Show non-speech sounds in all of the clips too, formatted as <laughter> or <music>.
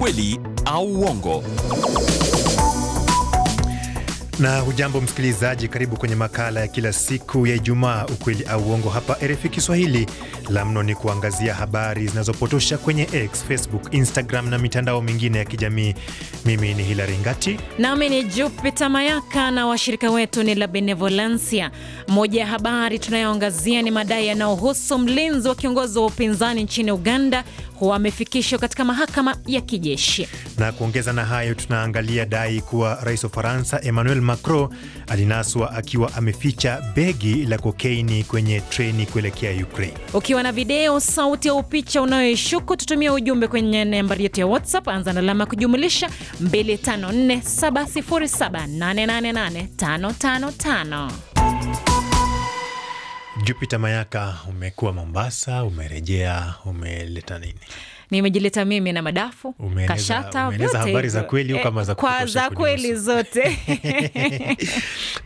ukweli au uongo. Na hujambo msikilizaji, karibu kwenye makala ya kila siku ya Ijumaa, ukweli au uongo, hapa RFI Kiswahili. La mno ni kuangazia habari zinazopotosha kwenye X, Facebook, Instagram na mitandao mingine ya kijamii. Mimi ni Hilari Ngati nami ni Jupiter Mayaka na washirika wetu ni La Benevolencia. Moja ya habari tunayoangazia ni madai yanayohusu mlinzi wa kiongozi wa upinzani nchini Uganda wamefikishwa katika mahakama ya kijeshi. Na kuongeza na hayo, tunaangalia dai kuwa rais wa Faransa Emmanuel Macron alinaswa akiwa ameficha begi la kokaini kwenye treni kuelekea Ukraine. Ukiwa na video, sauti au picha unayoishuku, tutumia ujumbe kwenye nambari yetu ya WhatsApp, anza na alama kujumulisha 254707888555. Jupiter Mayaka, umekuwa Mombasa, umerejea, umeleta nini? nimejileta mimi na madafu umeneza, kashata umeneza habari za kweli eh, kama za kwa za kweli zote <laughs>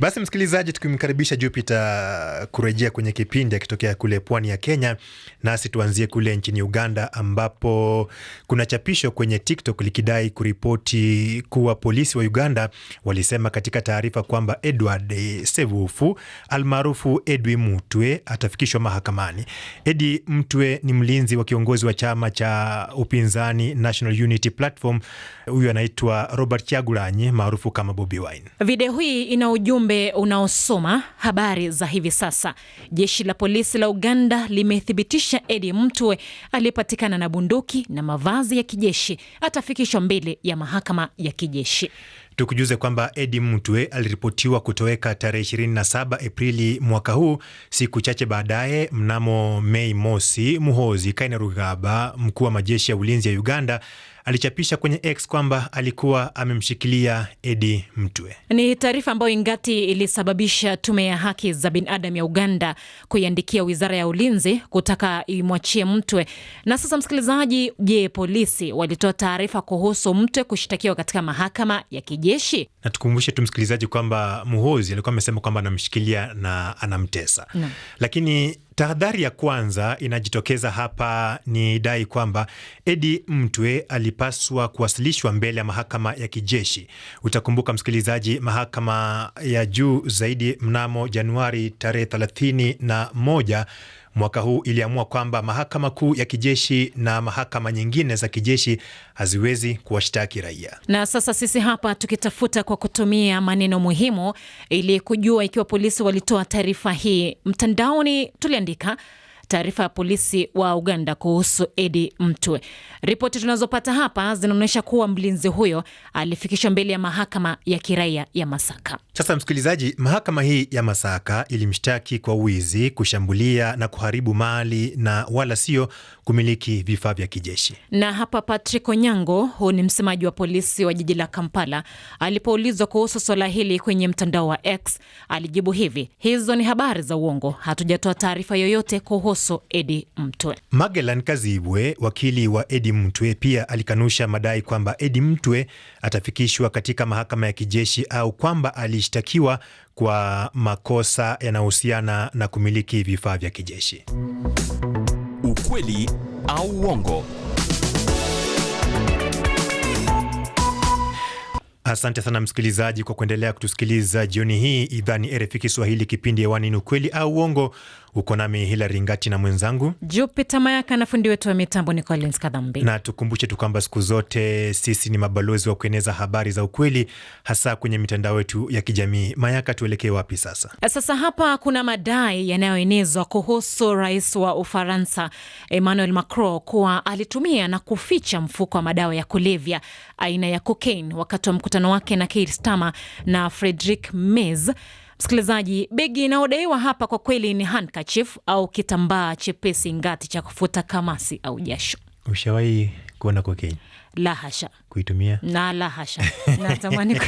Basi msikilizaji, tukimkaribisha Jupiter kurejea kwenye kipindi akitokea kule pwani ya Kenya, nasi tuanzie kule nchini Uganda ambapo kuna chapisho kwenye TikTok likidai kuripoti kuwa polisi wa Uganda walisema katika taarifa kwamba Edward Sevufu almaarufu Edwi Mutwe atafikishwa mahakamani. Edi Mtwe ni mlinzi wa kiongozi wa chama cha Uh, upinzani National Unity Platform. Huyu anaitwa Robert Kyagulanyi maarufu kama Bobi Wine. Video hii ina ujumbe unaosoma habari za hivi sasa. Jeshi la polisi la Uganda limethibitisha Edi Mtwe aliyepatikana na bunduki na mavazi ya kijeshi atafikishwa mbele ya mahakama ya kijeshi. Tukujuze kwamba Edi Mutwe aliripotiwa kutoweka tarehe 27 Aprili mwaka huu. Siku chache baadaye, mnamo Mei mosi, Muhozi Kainerugaba, mkuu wa majeshi ya ulinzi ya Uganda alichapisha kwenye X kwamba alikuwa amemshikilia Edi Mtwe. Ni taarifa ambayo ingati ilisababisha tume ya haki za binadamu ya Uganda kuiandikia wizara ya ulinzi kutaka imwachie Mtwe. Na sasa, msikilizaji, je, polisi walitoa taarifa kuhusu Mtwe kushtakiwa katika mahakama ya kijeshi? Na tukumbushe tu msikilizaji kwamba Muhozi alikuwa amesema kwamba anamshikilia na anamtesa no. lakini Tahadhari ya kwanza inajitokeza hapa ni dai kwamba Edi Mtwe alipaswa kuwasilishwa mbele ya mahakama ya kijeshi. Utakumbuka msikilizaji, mahakama ya juu zaidi mnamo Januari tarehe 31 mwaka huu iliamua kwamba mahakama kuu ya kijeshi na mahakama nyingine za kijeshi haziwezi kuwashtaki raia. Na sasa sisi hapa tukitafuta kwa kutumia maneno muhimu ili kujua ikiwa polisi walitoa taarifa hii mtandaoni, tuliandika taarifa ya polisi wa Uganda kuhusu Edi Mtwe. Ripoti tunazopata hapa zinaonyesha kuwa mlinzi huyo alifikishwa mbele ya mahakama ya kiraia ya Masaka. Sasa msikilizaji, mahakama hii ya Masaka ilimshtaki kwa wizi, kushambulia na kuharibu mali na wala sio kumiliki vifaa vya kijeshi. Na hapa Patrick Onyango, huu ni msemaji wa polisi wa jiji la Kampala, alipoulizwa kuhusu swala hili kwenye mtandao wa X alijibu hivi: hizo ni habari za uongo, hatujatoa taarifa yoyote kuhusu Mbosso Edi Mtwe. Magelan Kazibwe, wakili wa Edi Mtwe, pia alikanusha madai kwamba Edi Mtwe atafikishwa katika mahakama ya kijeshi au kwamba alishtakiwa kwa makosa yanayohusiana na kumiliki vifaa vya kijeshi. Ukweli au uongo? Asante sana msikilizaji kwa kuendelea kutusikiliza jioni hii. Idhaa ni RFI Kiswahili, kipindi hewani ni ukweli au uongo. Uko nami Hila Ringati na mwenzangu Jupita Mayaka na fundi wetu wa mitambo ni Collins Kadhambi, na tukumbushe tu kwamba siku zote sisi ni mabalozi wa kueneza habari za ukweli, hasa kwenye mitandao yetu ya kijamii. Mayaka, tuelekee wapi sasa? Sasa hapa kuna madai yanayoenezwa kuhusu rais wa Ufaransa Emmanuel Macron kuwa alitumia na kuficha mfuko wa madawa ya kulevya aina ya cocaine wakati wa mkutano wake na Keir Starmer na Frederic Mez Msikilizaji, begi inayodaiwa hapa kwa kweli ni handkerchief au kitambaa chepesi ngati cha kufuta kamasi au jasho. Ushawahi kuona kokeini? la hasha kuitumia na la hasha <laughs> natamani <laughs>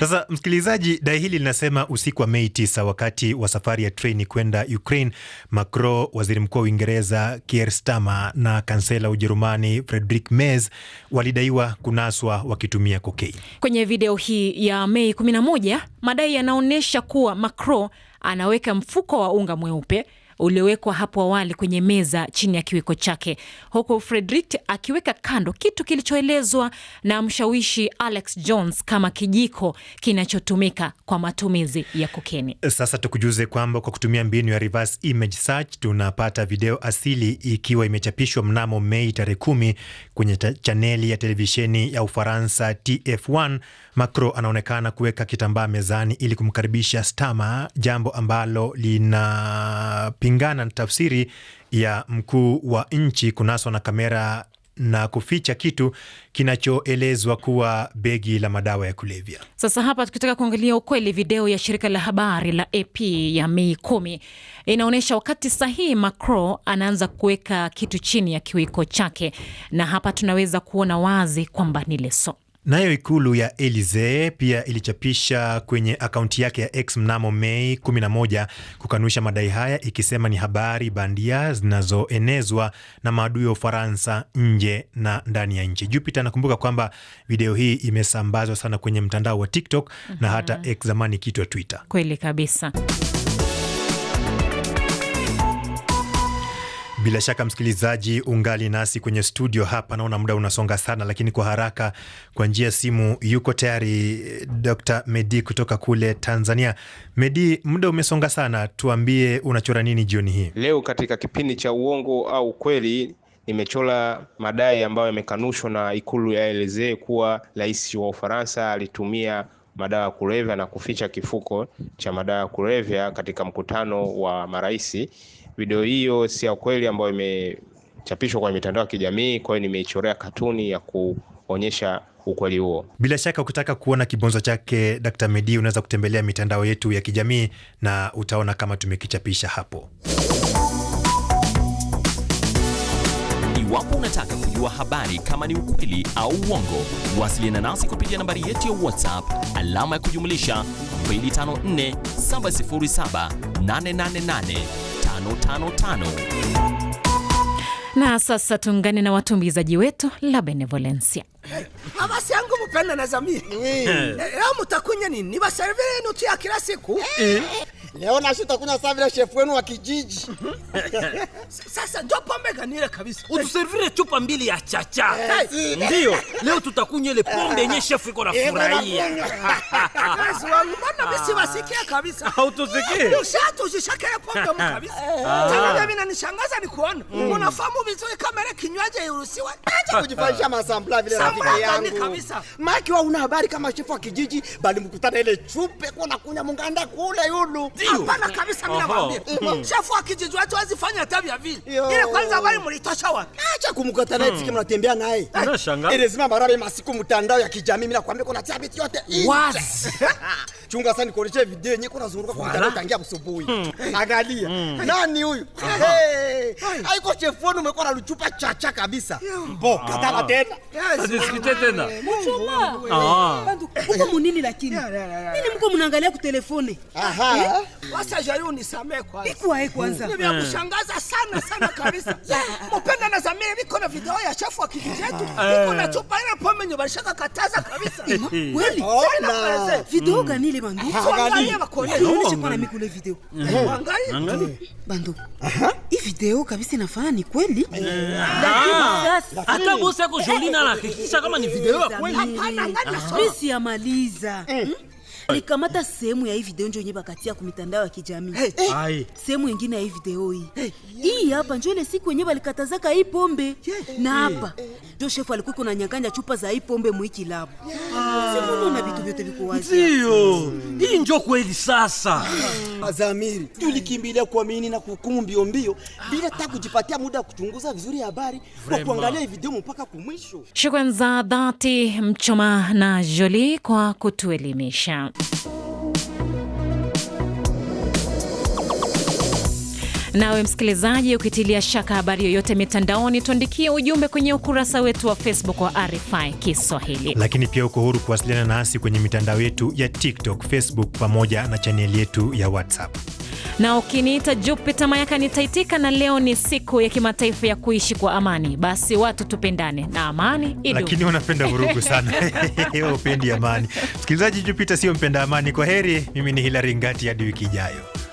Sasa msikilizaji, dai hili linasema usiku wa Mei tisa, wakati wa safari ya treni kwenda Ukraine, macro waziri mkuu wa Uingereza kier stama na kansela Ujerumani fredrik mes walidaiwa kunaswa wakitumia kokei Kwenye video hii ya Mei 11 madai yanaonyesha kuwa macro anaweka mfuko wa unga mweupe uliowekwa hapo awali kwenye meza chini ya kiwiko chake, huku Fredrik akiweka kando kitu kilichoelezwa na mshawishi Alex Jones kama kijiko kinachotumika kwa matumizi ya kokeni. Sasa tukujuze kwamba kwa kutumia mbinu ya reverse image search tunapata video asili ikiwa imechapishwa mnamo Mei tarehe kumi kwenye chaneli ya televisheni ya Ufaransa TF1. Macron anaonekana kuweka kitambaa mezani ili kumkaribisha Starmer, jambo ambalo lina kupingana na tafsiri ya mkuu wa nchi kunaswa na kamera na kuficha kitu kinachoelezwa kuwa begi la madawa ya kulevya. Sasa hapa tukitaka kuangalia ukweli, video ya shirika la habari la AP ya Mei kumi inaonyesha wakati sahihi Macron anaanza kuweka kitu chini ya kiwiko chake, na hapa tunaweza kuona wazi kwamba ni leso. Nayo ikulu ya Elisee pia ilichapisha kwenye akaunti yake ya X mnamo Mei 11 kukanusha madai haya ikisema ni habari bandia zinazoenezwa na maadui ya Ufaransa nje na ndani ya nchi. Jupiter, anakumbuka kwamba video hii imesambazwa sana kwenye mtandao wa TikTok mm -hmm. na hata mhm. X zamani kitwa Twitter. Kweli kabisa. Bila shaka msikilizaji, ungali nasi kwenye studio hapa. Naona muda unasonga sana, lakini kwa haraka, kwa njia ya simu yuko tayari eh, Dr Medi kutoka kule Tanzania. Medi, muda umesonga sana, tuambie unachora nini jioni hii leo katika kipindi cha uongo au kweli? Nimechora madai ambayo yamekanushwa na Ikulu ya Elysee kuwa rais wa Ufaransa alitumia madawa ya kulevya na kuficha kifuko cha madawa ya kulevya katika mkutano wa maraisi video hiyo si ya kweli ambayo imechapishwa kwenye mitandao ya kijamii, kwa hiyo nimeichorea katuni ya kuonyesha ukweli huo. Bila shaka ukitaka kuona kibonzo chake d Medi unaweza kutembelea mitandao yetu ya kijamii na utaona kama tumekichapisha hapo. Iwapo unataka kujua habari kama ni ukweli au uongo, wasiliana nasi kupitia nambari yetu ya WhatsApp alama ya kujumlisha 254 707 888 555. Na sasa tuungane na watumbizaji wetu la benevolencia benevolensia yangu mupenda na zamiri raho eh. eh, eh, mutakunya nini ya kila siku Leo na shuta kunywa saa vile chef wenu wa kijiji. <laughs> Sasa ndio pombe gani ile kabisa? <laughs> Utuservire chupa mbili ya chacha. Eh, ndio, leo tutakunywa ile pombe yenye eh, chef iko na eh, furahia. Kazi wangu mbona basi wasikia kabisa. Ah, hautusikii? Ushatu ya pombe mu kabisa. Tena ah. mimi nanishangaza ni kuona. Mm. Unafahamu vizuri kama ile kinywaji hairuhusiwi. Acha ah, kujifanyisha masambla vile rafiki yangu. Kabisa. Maki wa una habari kama chef wa kijiji bali mkutana ile chupe kwa nakunywa munganda kule yulu. Hapana kabisa mimi nakwambia. Hmm. Hmm. Shefu akijijua hata hawezi fanya hata vya vile. Ile kwanza bali mlitosha wapi? Acha kumkata naye hmm. tiki mnatembea naye. Unashangaa. Ile zima barabara masiku mtandao ya kijamii mimi nakwambia kuna tabiti yote. Wazi. <laughs> Chunga sana nikuonyeshe video yenyewe kuna zunguruka kwa mtandao tangia asubuhi. <laughs> Angalia. Nani huyu? Haiko chefu wenu umekuwa na chacha kabisa. Mboka katala ah. tena. Tusikite tena. Mchumba. Ah. Bandu, uko munini lakini. Nini mko mnaangalia ku telefone? Aha. Eh? Basi jaribu nisamee kwanza. Ikuwae kwanza. Mimi nakushangaza sana sana kabisa. <laughs> Mupenda na zamiri niko na video ya chafu wa kijiji chetu. Ah. Niko na chupa ile pombe nyo barishaka kataza kabisa. Eh, kweli? Ona. Video gani ile bandu? Angalia bakonya. Unaonesha kwa nami kule video. Mm-hmm. Angalia. Eh. Bandu. Hii video kabisa inafaa ni kweli? Eh. Ah. Hata mbuse kujulina Jolina anahakikisha kama ni video ya kweli. Hapana, ngani ah. nasoma. Mimi siamaliza. Hmm? likamata sehemu ya hii video njo yenye bakatia ku mitandao ya kijamii hey. Sehemu ingine ya hii video hii hey. Hii hapa njo ile siku yenye balikatazaka hii pombe yeah. Na hapa njo shefu alikuwa na nyang'anya chupa za hii pombe mwiki labo yeah. Simuno na vitu vyote viko wazi, ndio hii njo kweli sasa Azamiri ah, tulikimbilia kuamini na kuhukumu mbio mbio bila hata kujipatia muda wa kuchunguza vizuri habari kwa kuangalia hii video mpaka kumwisho. Shukrani za dhati Mchoma na joli kwa kutuelimisha. Nawe msikilizaji, ukitilia shaka habari yoyote mitandaoni, tuandikie ujumbe kwenye ukurasa wetu wa Facebook wa RFI Kiswahili. Lakini pia uko huru kuwasiliana nasi kwenye mitandao yetu ya TikTok, Facebook pamoja na chaneli yetu ya WhatsApp na ukiniita jupita Mayaka nitaitika, na leo ni siku ya kimataifa ya kuishi kwa amani. Basi watu tupendane na amani idu. Lakini wanapenda vurugu sana <laughs> upendi amani. Msikilizaji, Jupiter sio mpenda amani. Kwa heri, mimi ni Hilari Ngati, hadi wiki ijayo.